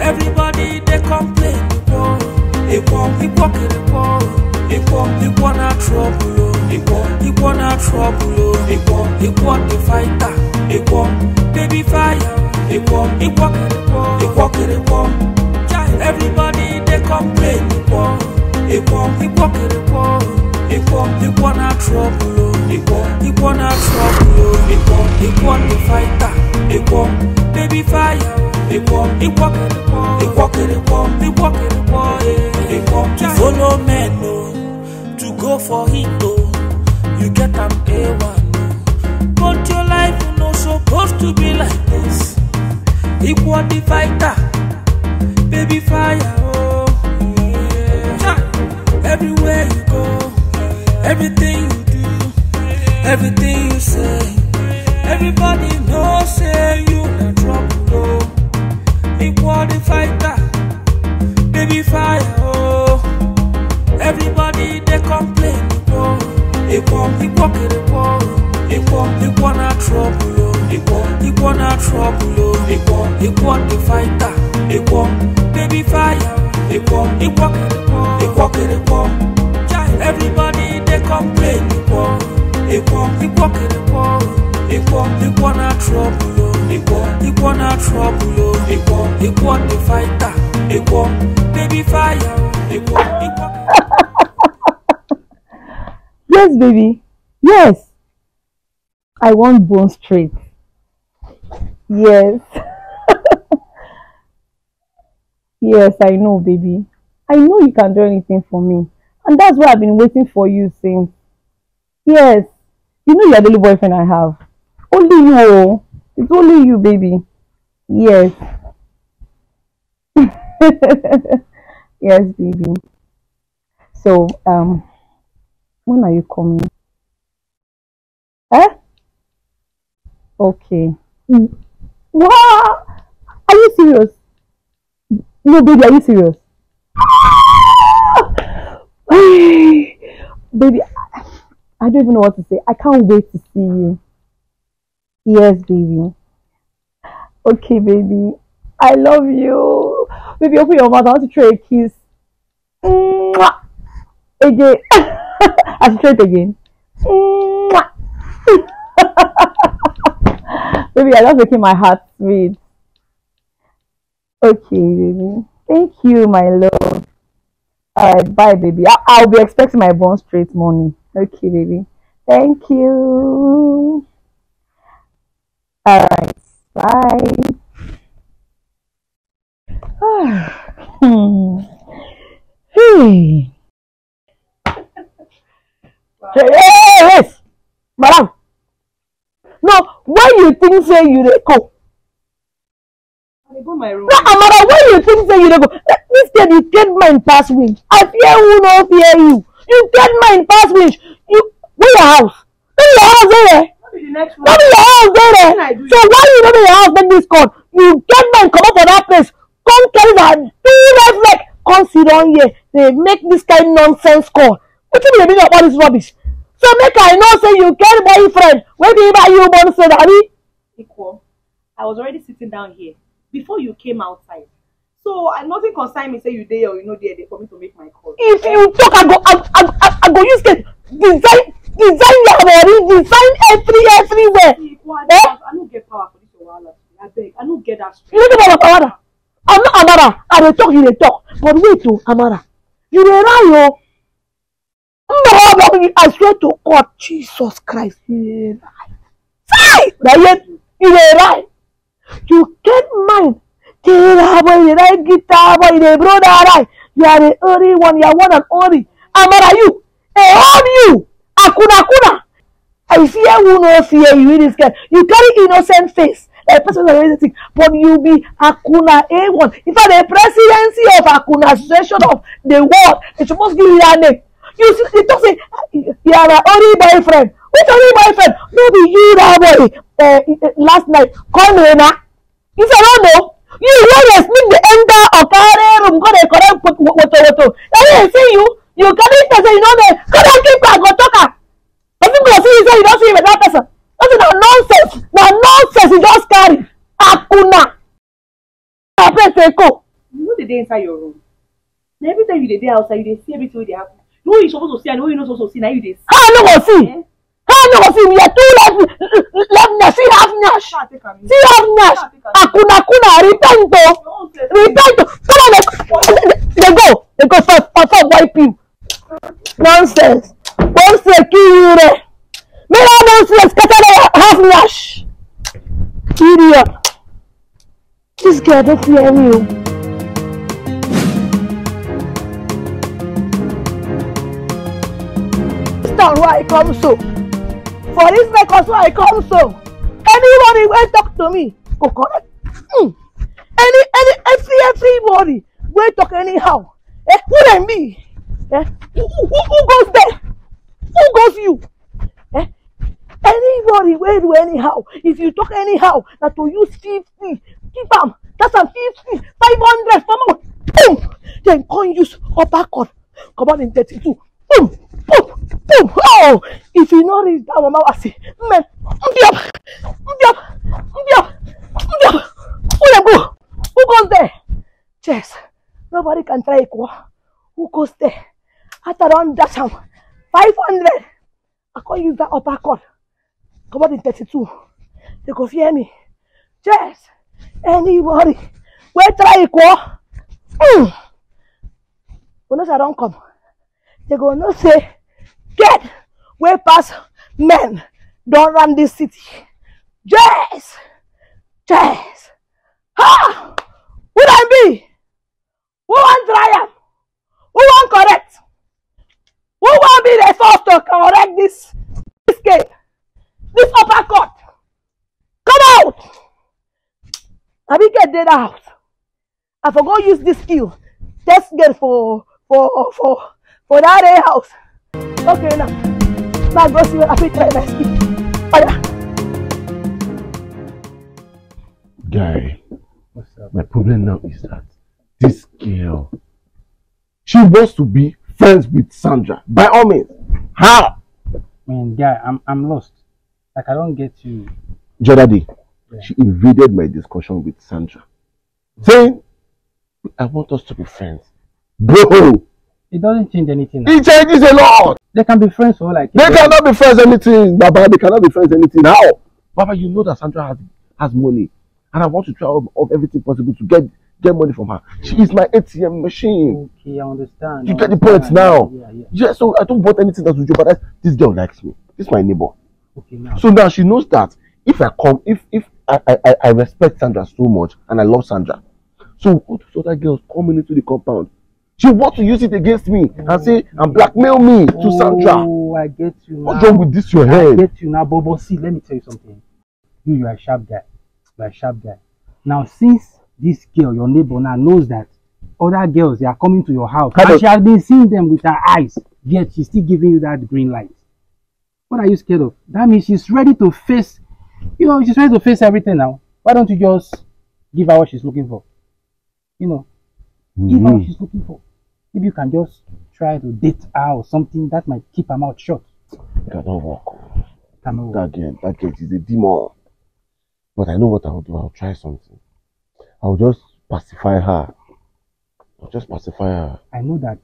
Everybody they complain before. It won't be walking before. It won't be wanna trouble. It won't be wanna trouble. It won't be want the fighter. It won't baby fire. It won't be walking before. It walking before. Everybody they complain before. It won't be walking before. It won't be wanna trouble. It won't be wanna trouble. It won't be want the fighter. It won't baby fire. To follow men, no, to go for it, no, you get an A1, no. But your life you no supposed to be like this. Equal the fighter, baby fire, oh, yeah. Everywhere you go, everything you do, everything you say, everybody knows say you. trouble oh Equal, equal the fighter Equal, baby fire Equal, equal, equal, equal Child, everybody they complain Equal, equal, equal, equal Equal, equal na trouble oh Equal, equal na trouble oh Equal, equal the fighter Equal, baby fire Equal, equal Yes, baby. Yes. I want bone straight. Yes. yes, I know, baby. I know you can do anything for me. And that's why I've been waiting for you since. Yes. You know you're the only boyfriend I have. Only you. Oh. It's only you, baby. Yes. yes, baby. So, um, when are you coming? Eh? Okay. Mm. What? Are you serious? No, baby, are you serious? baby, I don't even know what to say. I can't wait to see you. Yes, baby. Okay, baby. I love you. Baby, open your mouth. I want to try a kiss. Mwah. Again. I will try it again. Mwah. Baby, I are just making my heart read. Okay, baby. Thank you, my love. Alright, bye, baby. I- will be expecting my born straight money. Okay, baby. Thank you. Alright, bye. Hmm. hey. Wow. say you dey go. No, Amara, when you think say you dey go, this day you get mind pass winch. I fear who no fear you. You get mind pass winch. You where your house? Where your house there? Where your house there? So why you no be your house make this call? You get mind comot for that place. Come tell that do left leg. Come sit down here. They make this kind nonsense call. Wetin be the about this rubbish? So make I know say you get boyfriend wey be by you born say that equal. I was already sitting down here before you came outside. So I nothing consign me say you there or you no there. They for me to make my call. If you talk, I go, I, I, I, I go use case design, design your body, design every everywhere. See, well, I, eh? I no get power for this wahala. I beg, I no get that strength. You no get power I'm not Amara. I dey talk, you dey talk. But wait o, oh, Amara, you dey lie o. Oh. No, I swear to God, Jesus Christ, you dey lie. Say, na yet iderai you get mind terabai iderai gitabai idebro darai you are the only one you are one and only amara you they have you akuna Akuna. i fear who no fear you in this girl you carry innocent face like person wey dey think but you be akuna a1 in fact the presidency of akuna association of the world they suppose give you that name you see you talk say you are my only boyfriend which only boyfriend Maybe you that boy uh, eh, eh, eh, last night call me na you say no no you wey dey sneak dey enter okare room go dey correct woto woto na me dey see you you can't even say you know me. come on, keep quiet go talk am person see you say you don see better person no say nonsense No nonsense you just carry akuna na place dey you know dey dey inside your room every time you dey dey outside you dey see everything they dey happen You know you supposed to see and you know you not supposed to see. Now you this. How no go see? Eh? How no go see? We are two left left nash. See half nash. See half nash. Akuna kuna return oh. to return to. Come on, they go they go for for for wipe you. Nonsense. Don't say kill you there. Eh. Me no nonsense. Scatter half nash. Idiot. This girl don't fear me. come so for this neck also i come so anybody will talk to me go correct mm. any any every everybody will talk anyhow eh who dem me? eh who who who goes there who goes you eh anybody will do anyhow if you talk anyhow that to use fifty keep am that's am fifty five hundred for boom Then come use upper cut comot in thirty-two boom. Boom! Boom! Oh! If you not reach that mama was man, mbiop, jump, jump, jump, Who go? Who goes there? Chess. Nobody can try equal. Who goes there? At around that time, 500. I can't use that upper cord. Come out in 32. They go fear me. Chess. Anybody. Where try equal? Mm. When I don't come, they go no say. Get wey pass men Don't run this city jesus jesus ha who I be who wan try who wan correct who wan be the first to correct this dis case this upper court come out I be get dat house i forgot use this skill test get for for for for that rain house Okay, now. my boss see have I fit try my skin. Fire. Guy, my problem now is that this girl, she wants to be friends with Sandra. By all means. How? Mean, guy, I'm, I'm lost. Like, I don't get you. Jodadi, yeah. she invaded my discussion with Sandra. Saying, I want us to be friends. Bro, It doesn't change anything. Now. It changes a lot. They can be friends for like. They cannot be friends anything, Baba. They cannot be friends anything. now, Baba, you know that Sandra has has money, and I want to try of, everything possible to get get money from her. She is my ATM machine. Okay, I understand. You I get understand. the point now. Yeah, yeah. yeah, so I don't want anything that will jeopardize. This girl likes me. This is my neighbor. Okay, now. So now she knows that if I come, if if I I, I respect Sandra so much and I love Sandra, so all those other girls coming into the compound She want to use it against me mm. and say and blackmail me oh, to Sandra. Oh, I get you What's wrong with this your head? I get you now, but, but see, let me tell you something. You, you are a sharp guy. You are a sharp guy. Now, since this girl, your neighbor now knows that other girls, they are coming to your house. How and she has been seeing them with her eyes, yet she's still giving you that green light. What are you scared of? That means she's ready to face, you know, she's ready to face everything now. Why don't you just give her what she's looking for? You know, mm-hmm. give her what mm-hmm. she's looking for. If you can just try to date her or something, that might keep her mouth shut. It cannot work. It oh. cannot work. That girl, that girl is a demon. But I know what I'll do. I'll try something. I'll just pacify her. I'll just pacify her. I know that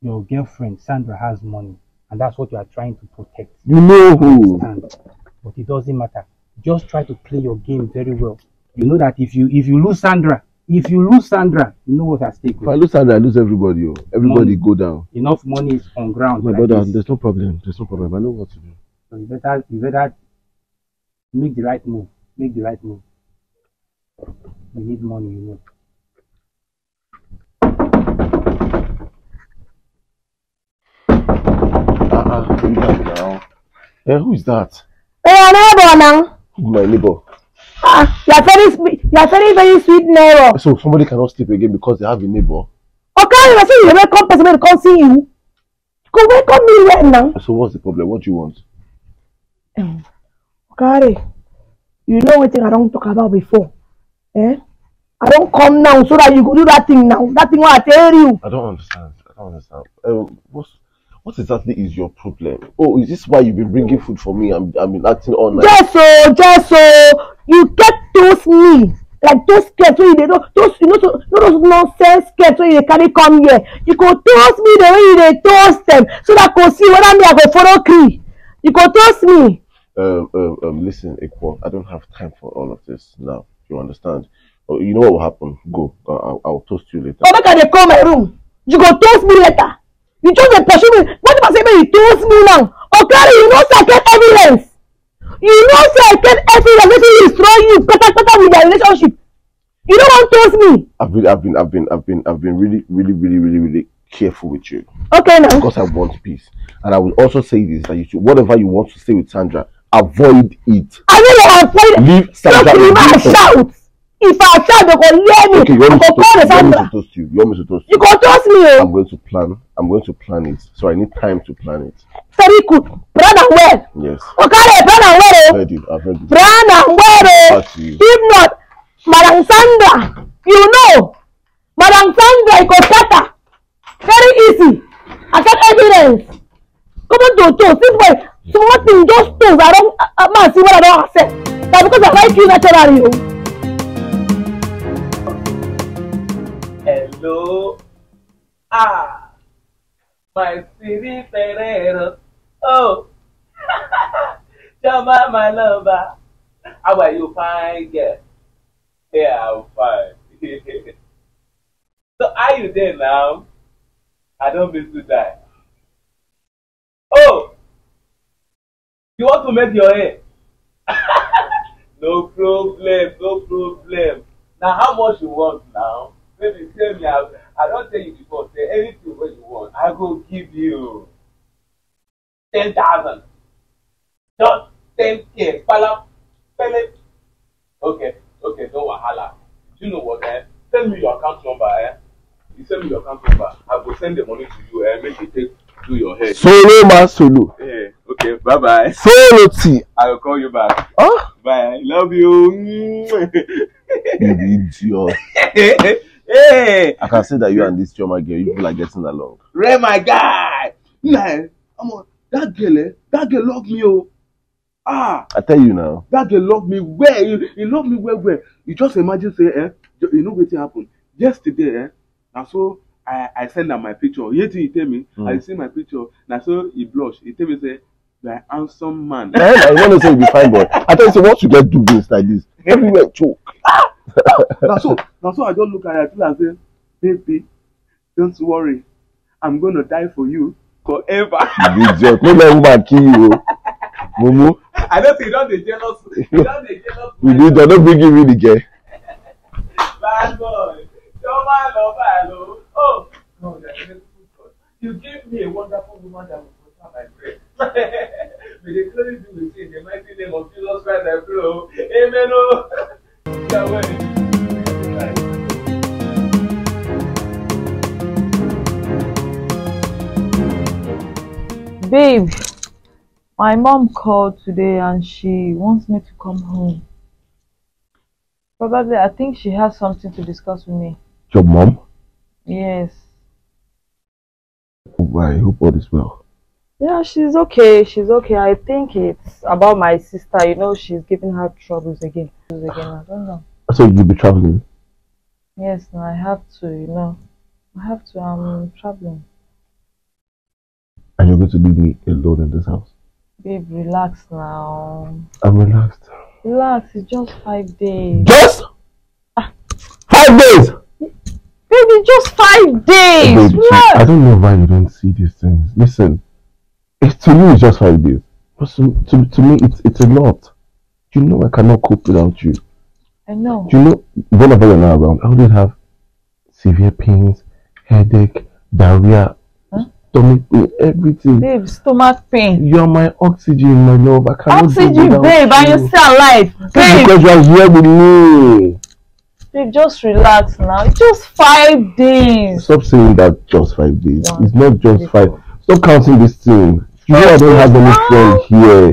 your girlfriend, Sandra, has money. And that's what you are trying to protect. You know who. But it doesn't matter. Just try to play your game very well. You know that if you if you lose Sandra, if you lose Sandra, you know what's at stake. If I lose Sandra, I lose everybody. Oh. Everybody money. go down. Enough money is on ground. My like brother, uh, this. there's no problem. There's no problem. I know what to do. So you better, you better make the right move. Make the right move. We need money, you know. Uh, uh-uh, uh, now. Uh, who is that? Hey, eh, eh, your neighbor now. My neighbor you are very you are very very sweet neighbor. so somebody cannot sleep again because they have a neighbor. okay you say you dey welcome person wey come see you go welcome me well now. so what's the problem what do you want. Um, okay you know wetin i don talk about before eh i don come now so that you go do that thing now that thing wey i tell you. i don't understand i don't understand um, what exactly is your problem? Oh, is this why you've been bringing food for me and I've been acting all night? Yes, so, oh, yes, so. Oh you get those needs like those skirt so you dey those you know so no those nonsense skirt so you dey carry come here you go toast me the way you dey toast dem so that go see whether me i go follow gree you go toast me. Um, um, um, listen Ekpo I don't have time for all of this now you understand oh, you know what will happen go I I'll, I'll toast you later. Oh, oh, they call my room you go toast me later you just dey pursue me what if I say make you toast me now Okay, you know, say I get evidence You know say I tell every relationship destroy you katakata with their relationship. You no wan trust me. I've been I've been I've been I've been I've been really really really really really careful with you. Okay now. Because I want peace. And I will also say this that you should whatever you want to say with Sandra, avoid it. I will avoid it. Leave Sandra. Stop, leave her, shout. If I try, they go hear me. Okay, you want, me to, you want me to toast you? You want me to toast you? You can toast me. I'm going to plan. I'm going to plan it. So I need time to plan it. Very good. Plan and well. Yes. Okay, plan and well. Ready. Oh. heard I've heard Plan and well. Oh. If not, Madam Sandra, you know, Madam Sandra, you go scatter. Very easy. I get evidence. Come on, to toast. This way, so what in those toast, I don't, uh, man, see what I don't accept. That's because I like you naturally. You oh. Hello. Ah. My spirit Ferrero. Oh. Jama, my lover. How are you fine, girl? Yeah, I'm fine. so, are you there now? I don't miss you that. Oh! You want to make your hair? no problem, no problem. Now, how much you want now? Baby, tell me, I, I don't tell you before, say anything what you want. I go give you ten thousand. Just ten k Pala, pele. Okay, okay, no wahala. You know what, eh? Send me your account number, eh? You send me your account number. I go send the money to you, eh? Make you take do your hair. Solo ma solo. Yeah. Okay, bye bye. Solo T. I will call you back. Huh? Ah. Bye. Love you. you idiot. Hey. I can see that you and this Chioma girl, you people are getting along. Re my guy. Man, I'm on, that girl, eh? That girl love me, oh. Ah. I tell you now. That girl love me well. He you love me well, well. You just imagine say, eh? You know wetin happen. Yesterday, eh? Na so I, I send am my picture. You hear he tell me? Mm. I see my picture. Na so he blush. He tell me say, you are handsome man. Eh, I want to say you be fine boy. I tell you say, once you get do things like this, everywhere choke. Ah! na so na so i just look at her feel am say baby don't worry i'm going to die for you forever. you dey joke no let woman kill you o oh. mumu. i don't say you don jealous you don jealous. you dey don no bring me the girl. bad boy jọba lọ bá lọ oh no you are very good you give me a wonderful woman that will protect my breast. may the glory be with you in the mighty name of jesus christ i pray o oh. amen oh. Babe, my mom called today and she wants me to come home. Probably, I think she has something to discuss with me. Your mom? Yes. Well, I hope all is well. Yeah, she's okay. She's okay. I think it's about my sister. You know, she's giving her troubles again. Troubles again. I don't know. So you'll be traveling? Yes, no, I have to. You know, I have to. I'm um, traveling. And you're going to leave me alone in this house? Babe, relax now. I'm relaxed. Relax. It's just five days. Just ah. five days. Baby, just five days. Babe, I don't know why you don't see these things. Listen. It's, to me, it's just five days. But to, to, to me, it's, it's a lot. You know, I cannot cope without you. I know. Do you know, whenever you're not around, I always have severe pains, headache, diarrhea, huh? stomach pain, everything. Babe, stomach pain. You're my oxygen, my love. I cannot Oxygen, babe, you. and you're still alive. Babe. because you're here with me. Babe, just relax now. It's just five days. Stop saying that just five days. it's not just five. Stop counting this thing. You know I don't have any oh. friend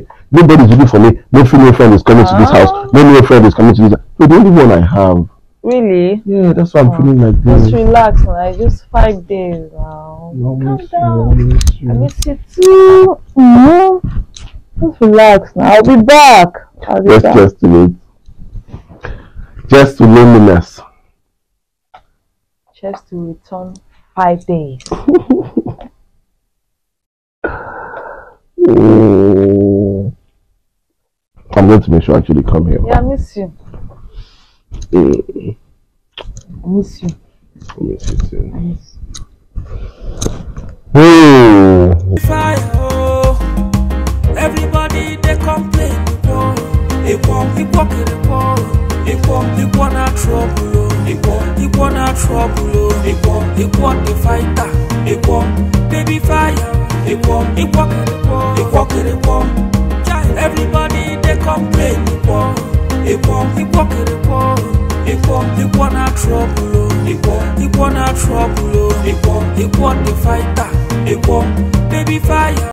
here. Nobody's looking for me. No female friend is coming to this house. Oh. No male friend is coming to this house. So the only one I have. Really? Yeah, that's why I'm oh. feeling like this. Just relax, man. Just five days now. Calm down. You, I miss you too. Mm-hmm. Just relax now. I'll be back. I'll be back. just to Just to loneliness. Just to return five days. Oh. I'm going to make sure I actually come here. Yeah, I miss you. Mm. I miss you. I miss you too. I miss you. Oh. Everybody they complain oh. It won't, it won't it won't, trouble. It won't, trouble. It won't,